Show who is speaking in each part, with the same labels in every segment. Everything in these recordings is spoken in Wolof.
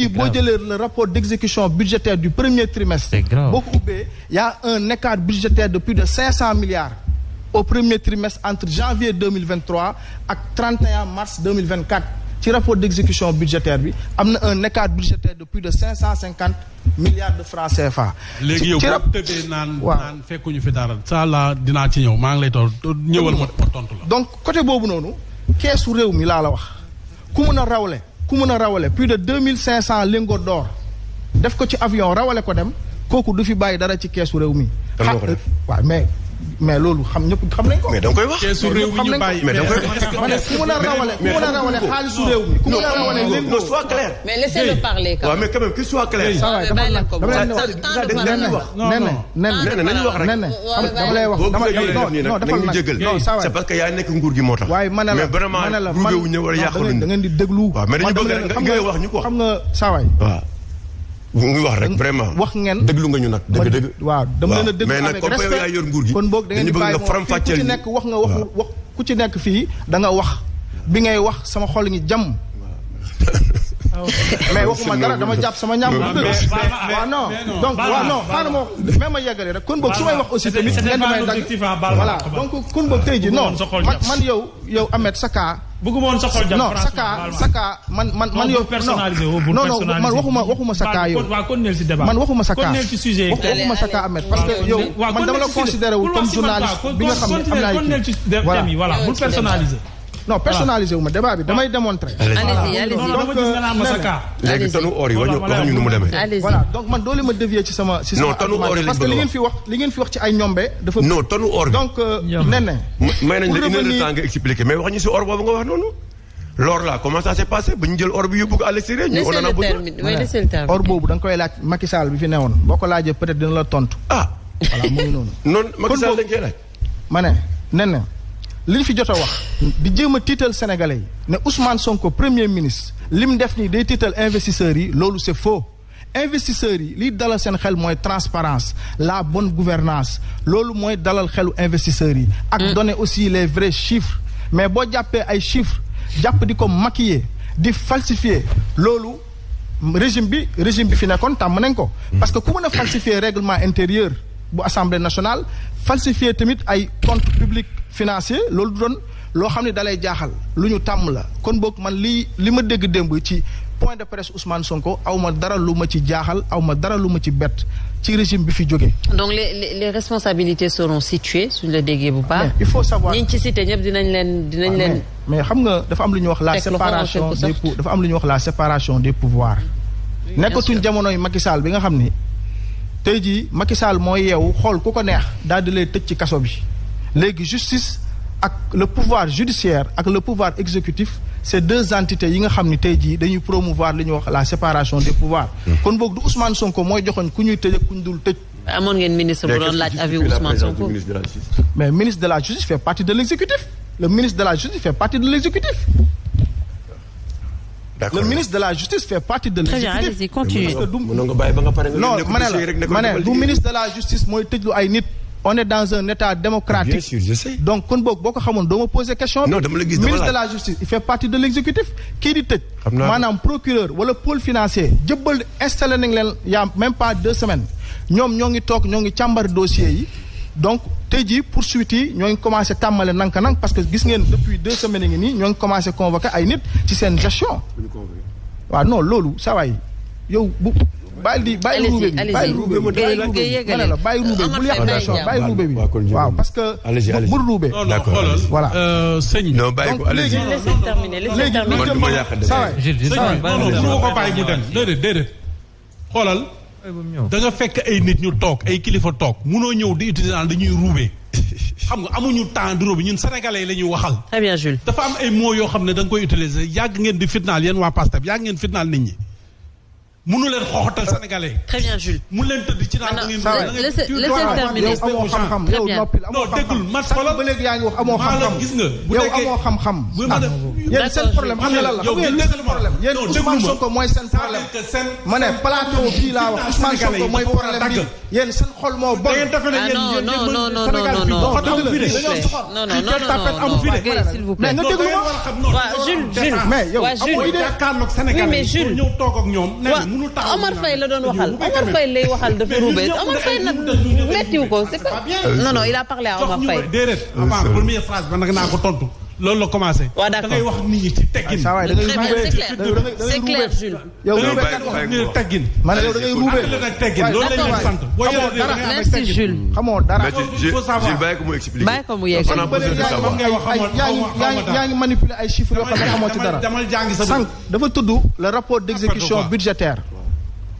Speaker 1: ji boo jëlee le rapport d'exécution budgétaire du premier trimestre boo ko ubbee y a un écart budgétaire de plus de cinq cent milliards au premier trimestre entre janvier 2023 ak 31 mars 2024 ci rapport d'exécution budgétaire bi am na un écart budgétaire de plus de cinq cent cinquante milliards de francs CFA léegi yow boo
Speaker 2: tëbee naan naan fekkuñu fi dara ça la dinaa ci ñëw maa ngi lay toog ñëwal ma tontu
Speaker 1: la donc côté boobu noonu keesu réew mi laa la wax ku mun a rawle ku mën a rawale plus de deux mille cinq cent lingots d'or def ko ci avion rawale ko dem kooku du fi bàyyi dara ci keesu réew mi. Ah, waa mais mais loolu xam ñëpp xam nañ ko. mais da koy wax su réew mi ñu bàyyi mais da nga koy wax ma ne a rawale ku mën a rawale xaalisu réew mi ku mën a rawale leen non soit clair mais laissez-le lay
Speaker 2: wax nen nen nañu wax rek dama lay wax dafa ñu moo tax waaye ma ne la da ngeen di déglu waaw mais dañu bëgg wax ñu
Speaker 1: ko xam nga saawaay
Speaker 2: waaw ñu ngi wax rek vraiment
Speaker 1: wax ngeen déglu nga ñu nag dëgg dëgg waaw dama leen a déglu mais nag comme yor nguur gi kon boog da ngeen di bàyyi moom fii ku ci nekk wax nga waxu ku ci nekk fii danga wax bi ngay wax sama xol ngi jàmm mais waxuma dara dama jàpp sama ñaam waaw non donc waaw non xaaral ma wax même ma yeggale rek kon boog su may wax aussi tamit ngeen di may dagg voilà donc kon boog tey ji non man yow yow Ahmed Saka bëgguma woon sa xol jàpp non saka saka man man man yow non non man waxuma waxuma saka yow man waxuma saka waxuma saka Ahmed parce que yow man dama la considéré wul comme journaliste bi nga xam ne am naa voilà bul personnaliser non personnalisé wu ma débat bi damay ah. démontrer. allez-y allez-y donc man doole ma dévier ci sama. ci sama parce que li ngeen fi wax li ngeen fi wax ci ay ñombe. dafa non tonu euh, may nañ la une heure de
Speaker 2: temps nga expliquer mais wax ñu si or boobu nga wax noonu. lor la comment ça s'est passé ba ñu jël or bi yóbbu ko à l'extérieur ñu on en a besoin or boobu
Speaker 1: da nga koy laaj Macky Sall bi fi newoon boo ko laajee peut-être dina la tontu. ah voilà mu noonu. noonu Macky Sall dañ koy ma ne li ñu fi jot a wax di jéem a tiital sénégalais yi ne Ousmane Sonko premier ministre li def nii day tiital investisseurs yi loolu c'est fo investisseurs yi liy dalal seen xel mooy transparence la bonne gouvernance loolu mooy dalal xelu investisseurs yi ak mm. donner aussi les vrais chiffres mais boo jàppee ay chiffres jàpp di ko maquiller di falsifier loolu régime bi régime bi fi nekkoon tàmm nañ ko mm. parce que ku mën a falsifier règlement intérieur bu assemblée nationale falsifier tamit ay compte public financier loolu doon loo xam ne dalay jaaxal lu ñu tàmm la kon boog man li li ma dégg démb ci point de presse Ousmane Sonko aw ma dara lu ma ci jaaxal aw ma dara lu ma ci bett ci régime bi fi jógee.
Speaker 2: donc les, les les
Speaker 1: responsabilités seront situées suñu la déggee bu baax. il faut savoir ñi ci cité ñëpp dinañ leen dinañ ah, leen. mais xam nga dafa am lu ñu wax la séparation des dafa am lu ñuy wax la séparation des pouvoirs. nekkatuñ jamonoy Macky Sall bi nga xam ni. tey jii Macky mooy yeewu xool ku ko neex daal di lay tëj ci kaso bi léegi justice ak le pouvoir judiciaire ak le pouvoir exécutif ces deux entités yi nga xam ni tey jii dañuy promouvoir li ñuy wax la séparation des pouvoirs. Hmm. kon boog du Ousmane Sonko mooy joxoñ ku ñuy tëj ak ñu dul tëj. amoon ngeen ministre bu doon laaj avis Ousmane Sonko mais ministre de la justice fait partie de l' exécutif le ministre de la justice fait partie de l' le ministre de la justice fait partie de l'exécutif parce que du non
Speaker 2: ma ne ma ne du ministre
Speaker 1: de la justice mooy tëjlu ay nit on dans un état démocratique. donc kon boog boo ko xamoon doo ma poser question. non dama la ministre de la justice il fait partie de l'exécutif. kii di tëj. maanaam procureur wala pôle financier. jëbbal installé leen y a même pas deux semaines ñoom ñoo ngi toog ñoo ngi càmbar dossier yi. donc tey jii poursuites yi ñoo ngi commencé tàmmale nanka nank parce que gis ngeen depuis deux semaines ngi nii ñoo ngi commencé convoqué ay nit ci seen gestion waaw non loolu saa yow bu bàyyi di bàyyi ruube bi bàyyi ruube bi ma ne la bàyyi ruube bi bul yàq gestion bàyyi ruube bi
Speaker 2: waaw parce que bu ruube voilà euh, sëñ non bàyyi ko allez
Speaker 1: léegi saa waay non non mënu ko bàyyi
Speaker 2: dem da nga fekk ay nit ñu toog ay kilifa toog munoo ñëw di utiliser naan dañuy ruubee xam nga amuñu temps di ruubee ñun sénégalais la ñuy waxal. très bien Jules. dafa am ay mots yoo xam ne da nga koy utiliser yàgg ngeen di fitnaal yéen waa PASTEF yàgg ngeen fitnaal nit ñi. mënu leen xooxatal sénégalais. très bien Jules. mënu leen tëdd ci naan ngeen. amoo xam-xam yow noppil amoo xam-xam ba léegi yaa ngi wax amoo xam-xam gis nga. bu nekkee yow amoo
Speaker 1: xam-xam. yéen seen problème xam nga lan la xam ngeen lu seen problème. yéen Ousmane Sonko mooy seen problème. ma ne plateau fii laa wax Ousmane Sonko mooy problème bi yéen seen xol moo bon. non non non non non non
Speaker 2: non non non mënul taxaw Omar Faye la doon waxal Omar Faye lay waxal dafa ruubee Omar Faye nag méttiwu ko c'est que non non il a parlé a Omar Faye déedéet avant ba nag naa ko tontu loolu la commencé. waaw d'accord da ngay wax nit ñi ci teggin. sa ah, da ngay ruubee c'est clair c'est clair yow da teggin. ma ne yow da ruubee la nag Jules. xamoo dara bàyyi ko mu expliquer. bàyyi ko mu yeggee yaa
Speaker 1: ngi manipuler ay chiffres yoo xam amoo ci dara. damal jàngi sa sànq dafa tudd le rapport d'exécution budgétaire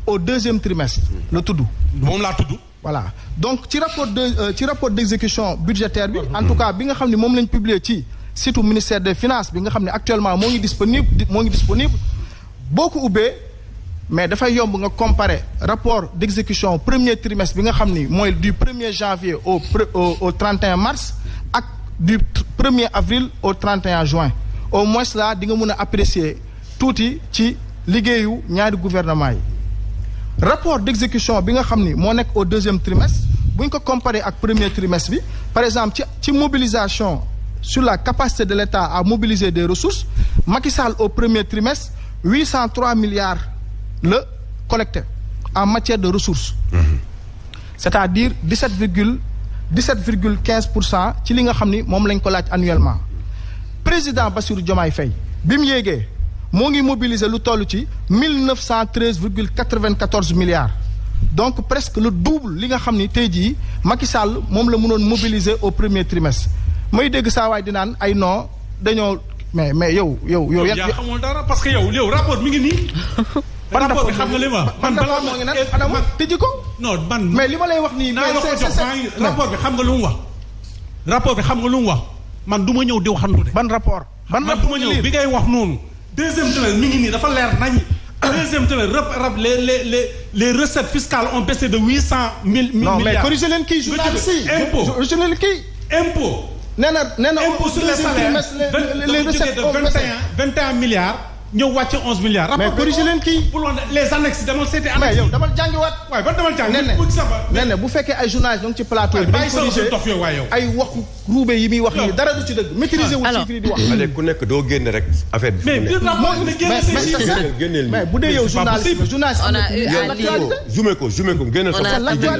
Speaker 1: au deuxième trimestre la tudd. moom laa tudd. voilà donc ci rapport de euh, ci rapport d'exécution budgétaire bi. en tout cas bi nga xam ne moom lañ publier ci surtout ministère des finance bi nga xam ne actuellement moo ngi disponible moo ngi disponible boo ko ubbee mais dafay yomb nga comparer rapport d' exécution premier trimestre bi nga xam ni mooy du premier janvier au au 31 mars ak du 1er avril au 31 juin au moins la di nga mën a apprécier tuuti ci liggéeyu ñaari gouvernement yi rapport d' bi nga xam ni moo nekk au deuxième trimestre buñ ko comparer ak premier trimestre bi par exemple ci ci mobilisation sur la capacité de l'État à mobiliser des ressources Macky Sall au premier trimestre 803 milliards la collecte en matière de ressources mm -hmm. c'est-à-dire 17 virgule 17 virgule 15 pour cent ci li nga xam ni moom lañ ko laaj annuellement président Bassirou Diomaye Faye bi mu yéegee moo ngi mobiliser lu toll ci 1913 virgule 94 milliards donc presque le double li nga xam ni tey jii Macky moom la mënoon mobiliser au premier trimestre may dégg saa waay di naan ay non dañoo mais mais yow yow. yow yaa xamul
Speaker 2: dara parce que yow yow rapport mi ngi nii. ban rapport bi xam nga li lay wax nii. naa la ko jox rapport bi xam nga lu mu wax. rapport bi xam nga lu mu wax man du ma ñëw xam waxantu de. ban rapport ban rapport man du ma ñëw bi ngay wax noonu. deuxième télé mi ngi nii dafa leer nañ deuxième télé rap rap les les les les recettes fiscales ont de huit cent mille. mille milliards non leen kii journaliste yi. impôt nee na nee na impôt sur les salaires les recettes de vingt et un vingt et un milliards ñëw wàcce onze milliards. rapport mais corrigé leen kii. pour les annexes demal seeti annexes. mais yow demal jàngiwaat. waay ban demal jàngi.
Speaker 1: nee na bu fekkee ay journalistes ñoom ci plateau bi. dañ corrigé ay waxu ruube yi muy wax nii dara du ci dëgg. maîtriser wu ci fii di wax. allez
Speaker 2: ku nekk doo génne rek affaire bi. mais biir mais mais bu dee yow journaliste journaliste am na. zoomé ko zoomé ko génne sa. on a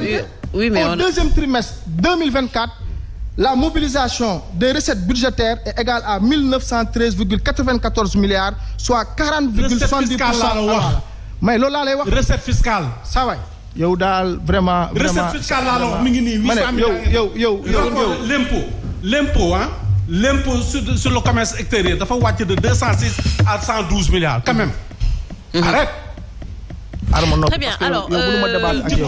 Speaker 1: oui mais on a au deuxième trimestre 2024 la mobilisation des recettes budgétaires est égale à mille neuf cent treize virgule quatre vingt quatorze milliards soit quarante virgule soixante-dix pour la wax mais loolu laa lay wax recette fiscale ça yow daal vraiment recette fiscale laa la wax mi ngi nii huit cent milliards yow
Speaker 2: yow yow yow l'impôt l'impôt ah l'impôt sur sur le commerce extérieur dafa wàcc de deux cent à cent douze milliards quand même mm-hmm. arma noppi. très bien alors yow mënu ma euh, débat ak yow.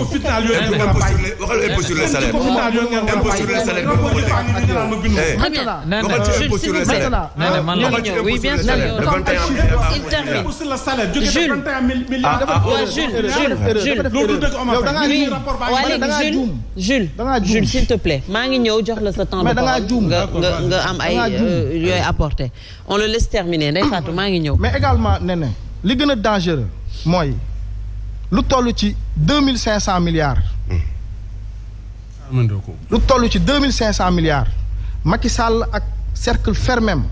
Speaker 2: impôt sur les salaires impôt sur les salaires très bien eh, Jules s'il vous plaît. oui bien sûr. il termine. Jules. ah ah waaw oh. Jules Jules. Jules Jules
Speaker 1: s'il te plaît maa ngi ñëw jox la sa temps de parole nga nga am ay euh, yooyu apporté on le laisse terminer Ndeye Fatou maa ngi ñëw. mais également nee na li gën a dangereux mooy. lu toll ci deux mille cinq cent milliards.
Speaker 2: lu
Speaker 1: toll ci deux mille cinq cent milliards Macky Sall ak cercle fermé am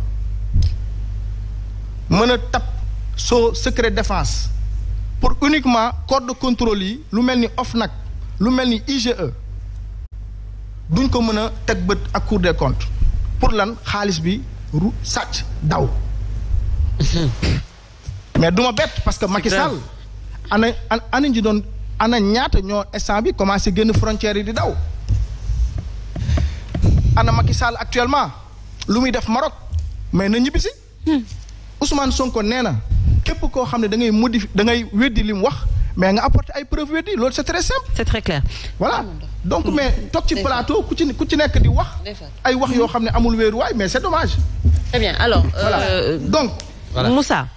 Speaker 1: mën a tab soo secret défense pour uniquement corps de contrôle yi lu mel ni nag lu mel ni IGE duñ ko mën a teg bët ak Cour des comptes pour lan xaalis bi ru sàcc daw mais duma bett parce que Macky ana ana ñu doon ana ñaata ñoo instant bi commencé génn frontières yi di daw ana Macky Sall actuellement lu muy def Maroc mais na ñibbisi hmm. Ousmane Sonko nee na képp koo xam ne da ngay modifier da ngay weddi li mu wax mais nga apporter ay preuve weddi loolu c'est très simple. c'est très ah, donc mais hmm. toog ci plateau ku ci ku ci nekk di wax. ay wax yoo xam ne amul wéeruwaay mais c'est dommage. très bien euh, donc.
Speaker 2: Moussa